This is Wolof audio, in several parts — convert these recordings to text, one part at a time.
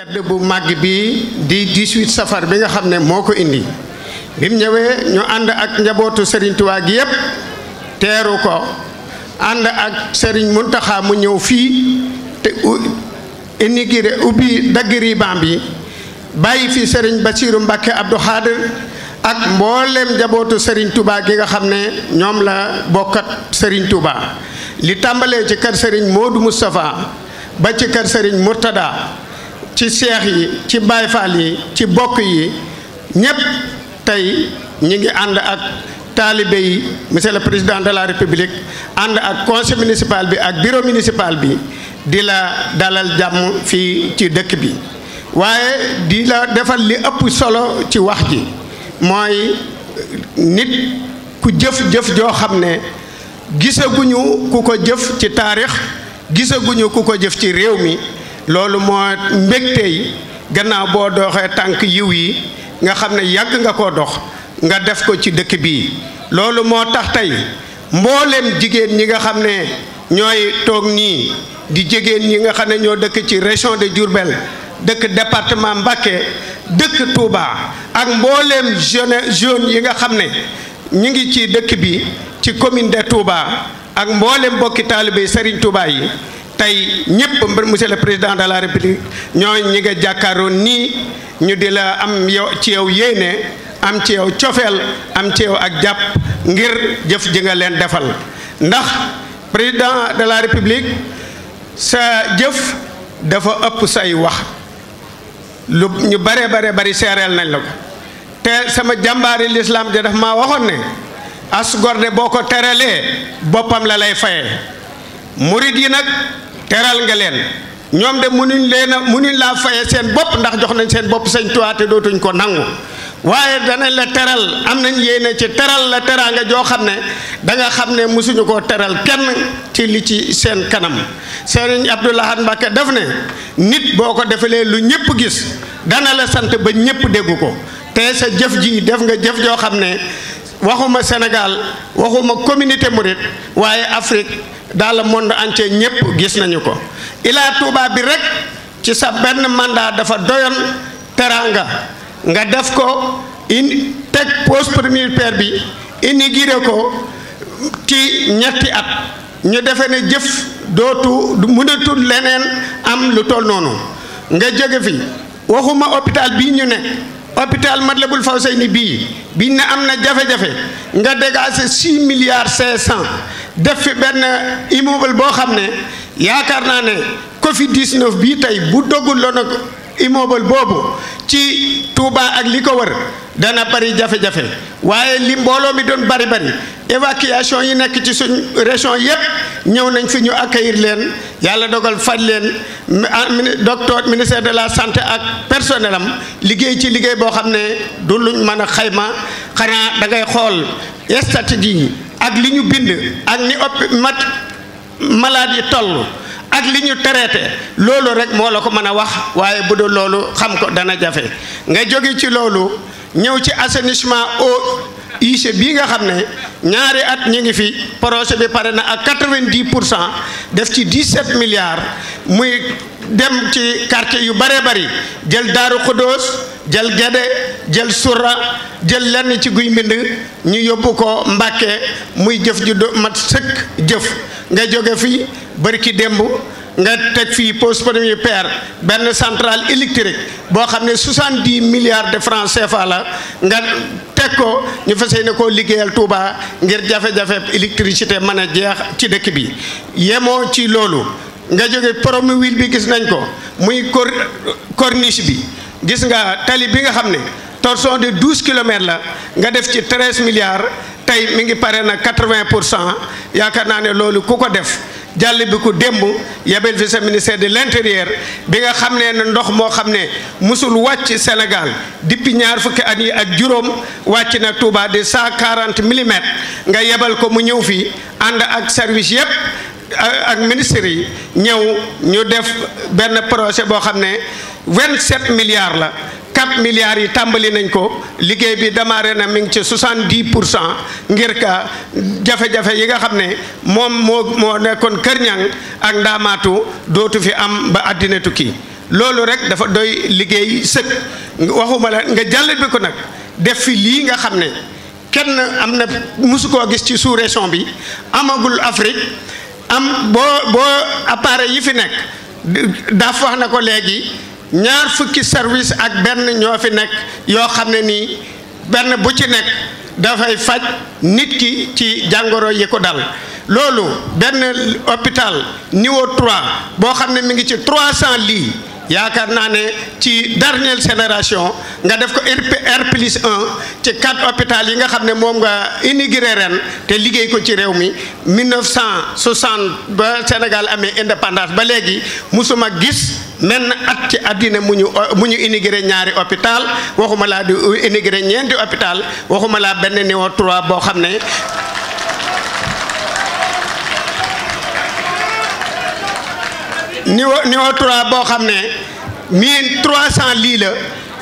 tedd bu màgg bi di 18 safar bi nga xam ne moo ko indi bi ñu ànd ak njabootu Serigne Touba gi ko ànd ak Serigne Mountakha mu ñëw fii te inigiré ubbi dagg bi bàyyi fi Serigne Bassirou Mbacké Abdou Khadir ak mboolem njabootu Serigne Touba gi nga xam ne ñoom la bokkat sëriñ Touba li tàmbalee ci kër Serigne Modou Moustapha ba ci kër Serigne Mourtada ci seex yi ci bayfaal yi ci bokk yi ñépp tey ñu ngi ànd ak taalibe yi monsieur le président de la république ànd ak conseil municipal bi ak bureau municipal bi di la dalal jàmm fii ci dëkk bi waaye di la defal li ëpp solo ci wax ji mooy nit ku jëf-jëf joo xam ne gisaguñu ku ko jëf ci taarix gisaguñu ku ko jëf ci réew mi loolu moo mbégte yi gannaaw boo doxee tànk yiw yi nga xam ne yàgg nga ko dox nga def ko ci dëkk bii loolu moo tax tey mbooleem jigéen ñi nga xam ne ñooy toog nii di jigéen ñi nga xam ne ñoo dëkk ci région de Diourbel dëkk département Mbacké dëkk Touba ak mbooleem jeune jeune yi nga xam ne ñu ngi ci dëkk bi ci commune de Touba ak mbooleem bokki taalibe Serigne Touba yi tey ñëpp monsieur le président de la république ñoo ñi nga jàkkaaroon nii ñu di la am yow ci yow yéene am ci yow cofeel am ci yow ak jàpp ngir jëf ji leen defal ndax président de la république sa jëf dafa ëpp say wax lu ñu bare bare bari seereel nañ la ko te sama jàmbaari lislaam de daf ma waxoon ne as boo ko teralee boppam la lay fayee murit yi nag teral nga leen ñoom de munuñ leen a munuñ laa faye seen bopp ndax jox nañ seen bopp sëñ Tuubaa te dootuñ ko nangu waaye danañ la teral am nañ yéene ci teral la teraanga joo xam ne da nga xam ne mosuñu koo teral kenn ci li ci seen kanam sëriñ Abdou Lahad Mbacké daf ne nit boo ko defalee lu ñëpp gis dana la sant ba ñëpp dégg ko te sa jëf ji def nga jëf joo xam ne waxuma Sénégal waxuma communauté mouride waaye Afrique dans le monde entier ñëpp gis nañu ko ilaa Touba bi rek ci sa benn mandat dafa doyan teraanga nga def ko in teg pose première pierre bi giire ko ci ñetti at ñu defe ne jëf dootu mënatul leneen am lu toll noonu nga jóge fi waxuma hôpital bi ñu ne mat hôpital Matlaboul Fawzayni bii biñ ne am na jafe-jafe nga dégager six milliards cinq cent def fi benn immeuble boo xam ne yaakaar naa ne Covid 19 bii tey bu doggul loon ak immeuble boobu ci Touba ak li ko wër dana bari jafe-jafe waaye li mbooloo mi doon bari bari évacuation yi nekk ci suñ région yépp ñëw nañ fi ñu accueillir leen yàlla dogal faj leen ah, doctor ministère de la santé ak personnel am liggéey ci liggéey boo xam ne du luñ mën a xayma xanaa da ngay xool statut yi ak li ñu bind ak ni op mat malade yi toll ak li ñu traité loolu rek moo la ko mën a wax waaye bu dul loolu xam ko dana jafe nga jóge ci loolu ñëw ci assainissement eau usée bii nga xam ne ñaari at ñu ngi fi projet bi pare na ak quatre-vingt-dix pour cent def ci dix-sept milliards muy dem ci quartier yu bëree bëri jël Daaru Xudóos jël Gede jël Surra jël lenn ci guy mbind ñu yóbbu ko Mbàkke muy jëf ju mat sëkk jëf nga jóge fii bërki démb nga teg fii pose premier pierre benn centrale électrique boo xam ne soixante-dix milliards de francs CFA la nga teg ko ñu fas yéene ko liggéeyal Touba ngir jafe-jafe électricité mën a jeex ci dëkk bi yemoo ci loolu nga jóge Promoville bi gis nañ ko muy cor corniche bi gis nga tali bi nga xam ne torsion de douze kilomètres la nga def ci treize milliards tey mi ngi pare na quatre-vingt pour cent yaakaar naa ne loolu ku ko def. jàll bi ku démb yabel fi sa ministère de l'intérieur bi nga xam ne ne ndox moo xam ne mosul wàcc Sénégal depuis ñaar fukki at yi ak juróom wàcc na Touba de cent quarante millimètres nga yebal ko mu ñëw fii ànd ak service yépp ak ministre yi ñëw ñu def benn projet boo xam ne vingt-sept milliards la quatre milliards yi tàmbali nañ ko liggéey bi démarré na mi ngi ci soixante-dix pour cent ngir ka jafe-jafe yi nga xam ne moom moo moo nekkoon Kër Ñang ak ndaamaatu dootu fi am ba àddinatu tukki loolu rek dafa doy liggéey sëkk waxuma la nga jàllat bi ko nag def fi lii nga xam ne kenn am na musu koo gis ci sous-région bi amagul Afrique am boo boo appareil yi fi nekk daaf wax na ko léegi ñaar fukki service ak benn ñoo fi nekk yoo xam ne nii benn bu ci nekk dafay faj nit ki ci jàngoro yi ko dal loolu benn hôpital niveau 3 boo xam ne mi ngi ci 300 lits yaakaar naa ne ci dernière génération nga def ko R plus 1 ci quatre hôpital yi nga xam ne moom nga inauguré ren te liggéey ko ci réew mi 1960 ba Sénégal amee indépendance ba léegi musuma gis. na at ci àddina mu ñu mu ñu inauguré ñaari hôpital waxuma laa di inauguré ñeenti hôpital waxuma laa benn niveau 3 boo xam ne niveau boo xam ne mille trois cent lii la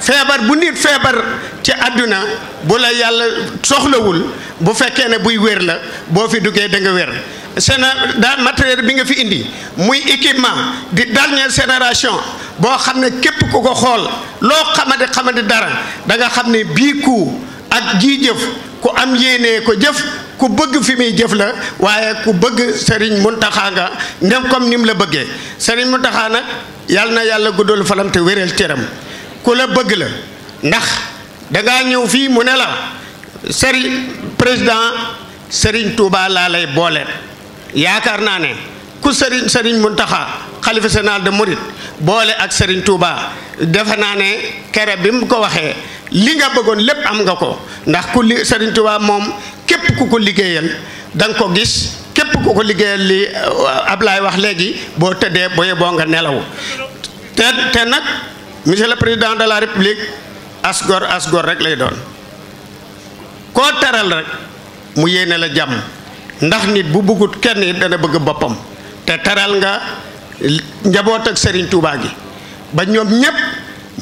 feebar bu nit feebar ci àdduna bu la yàlla soxlawul bu fekkee ne buy wér la boo fi duggee da nga wér seen da matériel bi nga fi indi muy équipement di dernière génération boo xam ne képp ku ko xool loo xamante xamante dara da nga xam ne bii ku ak jii jëf ku am yéenee ko jëf ku bëgg fi muy jëf la waaye ku bëgg Serigne Mountakha nga ndem comme ni mu la bëggee Serigne Mountakha nag yàlla na yàlla guddal falam te wéral cëram ku la bëgg la ndax dangaa ñëw fii mu ne la Serigne président Serigne Touba laa lay boole. yaakaar naa ne ku sëriñ sëriñ Muntaxa xalifa général de Mouride boole ak sëriñ Touba dafa naa ne kere bi mu ko waxee li nga bëggoon lépp am nga ko ndax ku li sëriñ Touba moom képp ku ko liggéeyal da nga ko gis képp ku ko liggéeyal li euh, Ablaye wax léegi boo tëddee booyee boo nga nelaw te te nag monsieur le président de la république asgor asgor rek lay doon koo teral rek mu yéene la jàmm. ndax nit bu bëggut kenn dana bëgg boppam te teral nga njaboot ak sëriñ Touba gi ba ñoom ñépp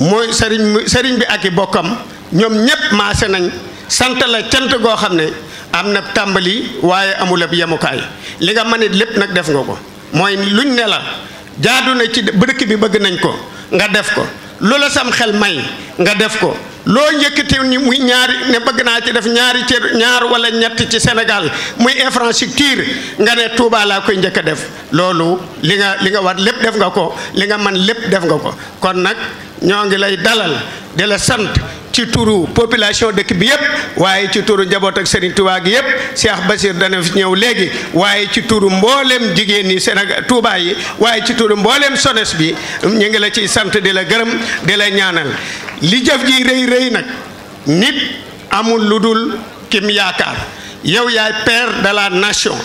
mooy sëriñ sëriñ bi ak i bokkam ñoom ñépp maase nañ sant la cant goo xam ne am na tàmbali waaye amul ab yemukaay li nga mën it lépp nag def nga ko mooy luñ ne la jaadu na ci dëkk bi bëgg nañ ko nga def ko lu la sam xel may nga def ko loo njëkkati muy ñaar ne bëgg naa ci def ñaari ci ñaar wala ñett ci Sénégal muy infrastructure nga ne Touba laa koy njëkk a def loolu li nga li nga war lépp def nga ko li nga man lépp def nga ko kon nag ñoo ngi lay dalal de la sant ci turu population dëkk bi yëpp waaye ci turu njaboot ak Serigne Touba gi yëpp Cheikh Basir dana fi ñëw léegi waaye ci turu mbooleem jigéen ñi Sénégal Touba yi waaye ci turu mbooleem sones bi ñu ngi la ciy sant di la gërëm di la ñaanal li jëf ji rëy rëy nag nit amul lu dul kim yaakaar yow yaay per de la nation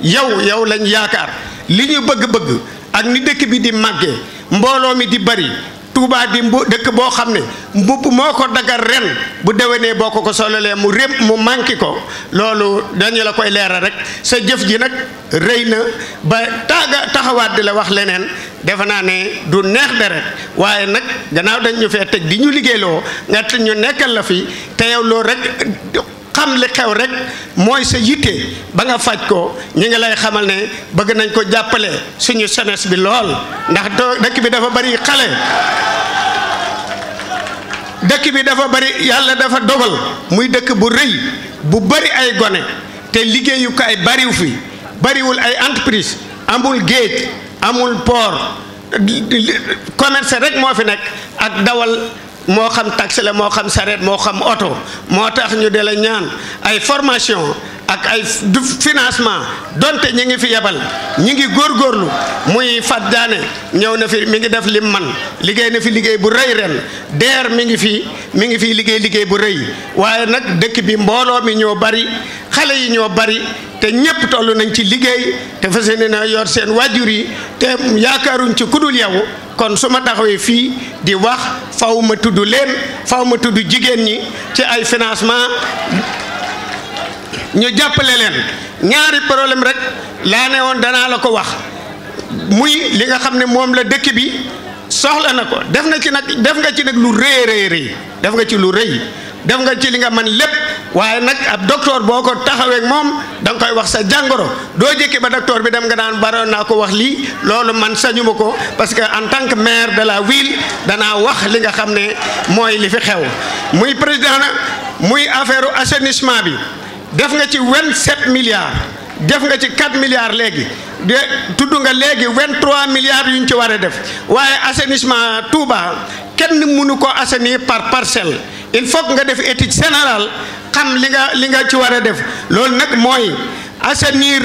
yow yow lañ yaakaar li ñu bëgg-bëgg ak ni dëkk bi di màggee mbooloo mi di bari Touba di mbu dëkk boo xam ne mbubb moo ko dagar ren bu déwénee boo ko ko sololee mu rém mu manqué ko loolu dañu la koy leeral rek sa jëf ji nag rëy na ba taaga taxawaat di la wax leneen defe naa ne du neex deret waaye nag gannaaw dañ ñu fee teg di ñu liggéeyloo nga ñu nekkal la fi te yow loolu rek xam li xew rek mooy sa yitte ba nga faj ko ñu ngi lay xamal ne bëgg nañ ko jàppale suñu senes bi lool ndax dëkk bi dafa bari xale dëkk bi dafa bari yàlla dafa dogal muy dëkk bu rëy bu bari ay gone te liggéeyukaay bariw fi bariwul ay entreprise amul géej amul port commerce rek moo fi nekk ak dawal moo xam taxi la moo xam sareet moo xam oto moo tax ñu de la ñaan ay formation ak ay financement donte ñi ngi fi yebal ñi ngi góor góorlu muy fat daane ñëw na fi mi ngi def lim man liggéey na fi liggéey bu rëy ren deer mi ngi fi mi ngi fi liggéey liggéey bu rëy waaye nag dëkk bi mbooloo mi ñoo bari xale yi ñoo bari te ñëpp toll nañ ci liggéey te fas yéene na yor seen waajur yi te yaakaaruñ ci ku dul yow kon su ma taxawee fii di wax faw ma tudd leen faw ma tudd jigéen ñi ci ay financement ñu jàppale leen ñaari problème rek laa ne woon danaa la ko wax muy li nga xam ne moom la dëkk bi soxla na ko def na ci nag def nga ci nag lu rëy rëy rëy def nga ci lu rëy def nga ci li nga man lépp waaye nag ab docteur boo ko taxawee moom da nga koy wax sa jàngoro doo jékki ba docteur bi dem nga naan baroon naa ko wax lii loolu man sañu ma ko parce que en tant que maire de la ville danaa wax li nga xam ne mooy li fi xew muy président muy affaire assainissement bi def nga ci 27 milliards. def nga ci 4 milliards léegi de tudd nga léegi 23 milliards yu ñu ci war a def waaye assainissement Touba kenn mënu ko assainir par parcelle il faut nga def étude générale xam li nga li nga ci war a def loolu nag mooy assainir.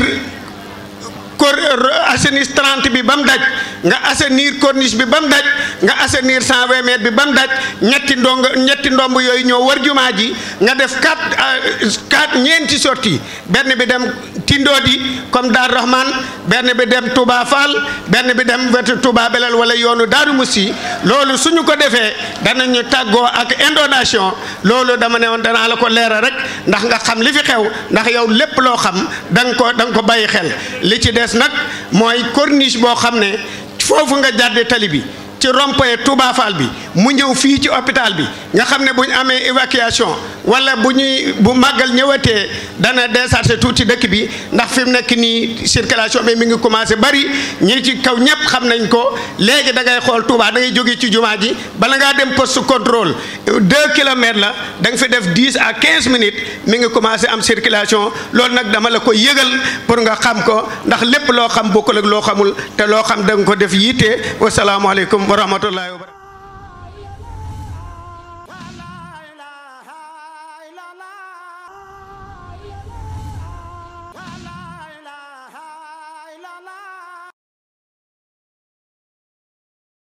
kor assainir 30 bi ba mu daj nga assainir corniche bi ba mu daj nga assainir 120 mètres bi ba mu daj ñetti ndong ñetti ndomb yooyu ñoo war ji nga def quatre euh, quatre ñeenti sortie benn bi dem Tindoodi comme Rahman benn bi dem Touba Fall benn bi dem wetu Touba Belal wala yoonu daru Musi loolu suñu ko defee danañu tàggoo ak inondation loolu dama ne woon danaa la ko leeral rek ndax nga xam li fi xew ndax yow xam ko dang ko bàyyi xel li ci des des nag mooy corniche boo xam ne foofu nga jàdde tali bi ci rond-point bi mu ñëw fii ci hôpital bi nga xam ne bu ñu amee évacuation wala bu ñuy bu màggal ñëwatee dana décharger tuuti dëkk bi ndax fi mu nekk nii circulation bi mi ngi commencé bari ñu ci kaw ñëpp xam nañ ko léegi da ngay xool Touba da jóge ci jumaa ji bala ngaa dem poste contrôle deux kilomètres la danga fi def dix à quinze minutes mi ngi commencé am circulation loolu nag dama la ko yëgal pour nga xam ko ndax lépp loo xam ko ak loo xamul te loo xam da nga ko def yiite wasalaamaaleykum Rahmatullah